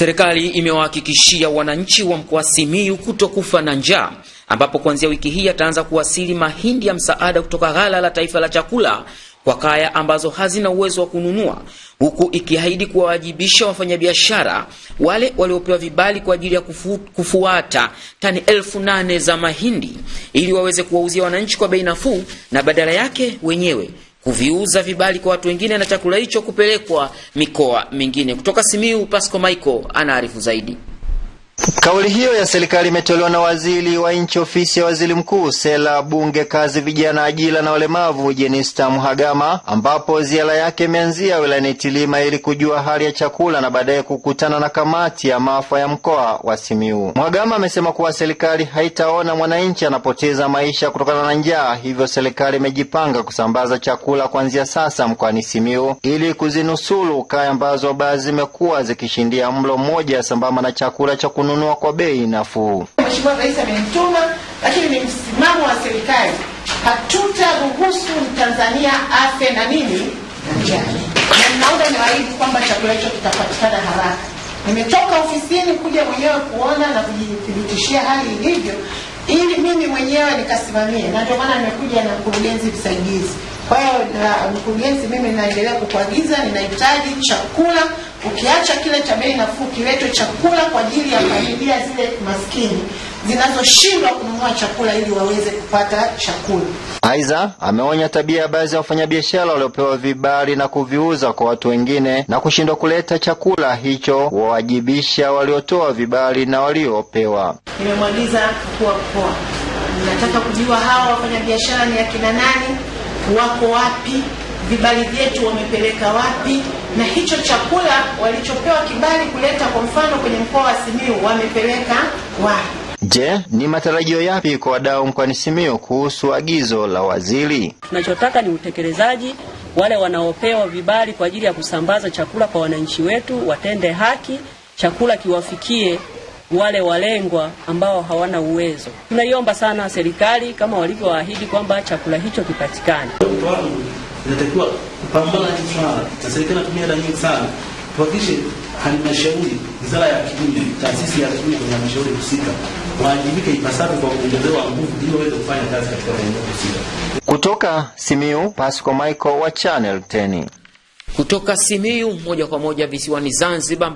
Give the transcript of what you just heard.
Serikali imewahakikishia wananchi wa mkoa Simiyu kutokufa na njaa, ambapo kuanzia wiki hii ataanza kuwasili mahindi ya msaada kutoka ghala la taifa la chakula kwa kaya ambazo hazina uwezo wa kununua, huku ikiahidi kuwawajibisha wafanyabiashara wale waliopewa vibali kwa ajili ya kufu, kufuata tani elfu nane za mahindi ili waweze kuwauzia wananchi kwa bei nafuu na badala yake wenyewe kuviuza vibali kwa watu wengine na chakula hicho kupelekwa mikoa mingine. Kutoka Simiu, Pasco Michael anaarifu zaidi. Kauli hiyo ya serikali imetolewa na waziri wa nchi ofisi ya waziri mkuu, sera, bunge, kazi, vijana, ajira na walemavu, Jenista Mhagama, ambapo ziara yake imeanzia wilayani Itilima ili kujua hali ya chakula na baadaye kukutana na kamati ya maafa ya mkoa wa Simiyu. Mhagama amesema kuwa serikali haitaona mwananchi anapoteza maisha kutokana na njaa, hivyo serikali imejipanga kusambaza chakula kuanzia sasa mkoani Simiyu ili kuzinusuru kaya ambazo baadhi zimekuwa zikishindia mlo mmoja sambamba na chakula cha kununua kwa bei nafuu. Mheshimiwa Rais amenituma, lakini ni msimamo wa serikali, hatutaruhusu Mtanzania afe na nini na njaa, na ninaomba niwaahidi kwamba chakula hicho kitapatikana haraka. Nimetoka ofisini kuja mwenyewe kuona na kujithibitishia hali ilivyo, ili mimi mwenyewe nikasimamie, na ndio maana nimekuja na mkurugenzi msaidizi. Kwa hiyo mkurugenzi, mimi naendelea kukuagiza, ninahitaji chakula Ukiacha kile cha bei nafuu kiletwe chakula kwa ajili ya familia zile maskini zinazoshindwa kununua chakula ili waweze kupata chakula. Aidha, ameonya tabia ya baadhi ya wafanyabiashara waliopewa vibali na kuviuza kwa watu wengine na kushindwa kuleta chakula hicho, wawajibisha waliotoa vibali na waliopewa. Nimemwagiza mkuu wa mkoa, nataka kujua hawa wafanyabiashara ni akina nani, wako wapi vibali vyetu wamepeleka wapi, na hicho chakula walichopewa kibali kuleta kwa mfano kwenye mkoa wa simiu wamepeleka wapi? Je, ni matarajio yapi kwa wadau mkoani simio kuhusu agizo la waziri? Tunachotaka ni utekelezaji. Wale wanaopewa vibali kwa ajili ya kusambaza chakula kwa wananchi wetu watende haki, chakula kiwafikie wale walengwa ambao hawana uwezo. Tunaiomba sana serikali kama walivyoahidi kwamba chakula hicho kipatikane inatakiwa kupambana sana na serikali inatumia hela nyingi sana tuhakikishe halmashauri, wizara ya kilimo, taasisi ya kilimo kwenye halmashauri husika waajibike ipasavyo kwa kuongezewa nguvu ili waweze kufanya kazi katika maeneo husika. Kutoka Simiu, Pasco Michael wa Channel 10. Kutoka Simiu moja kwa moja visiwani Zanzibar.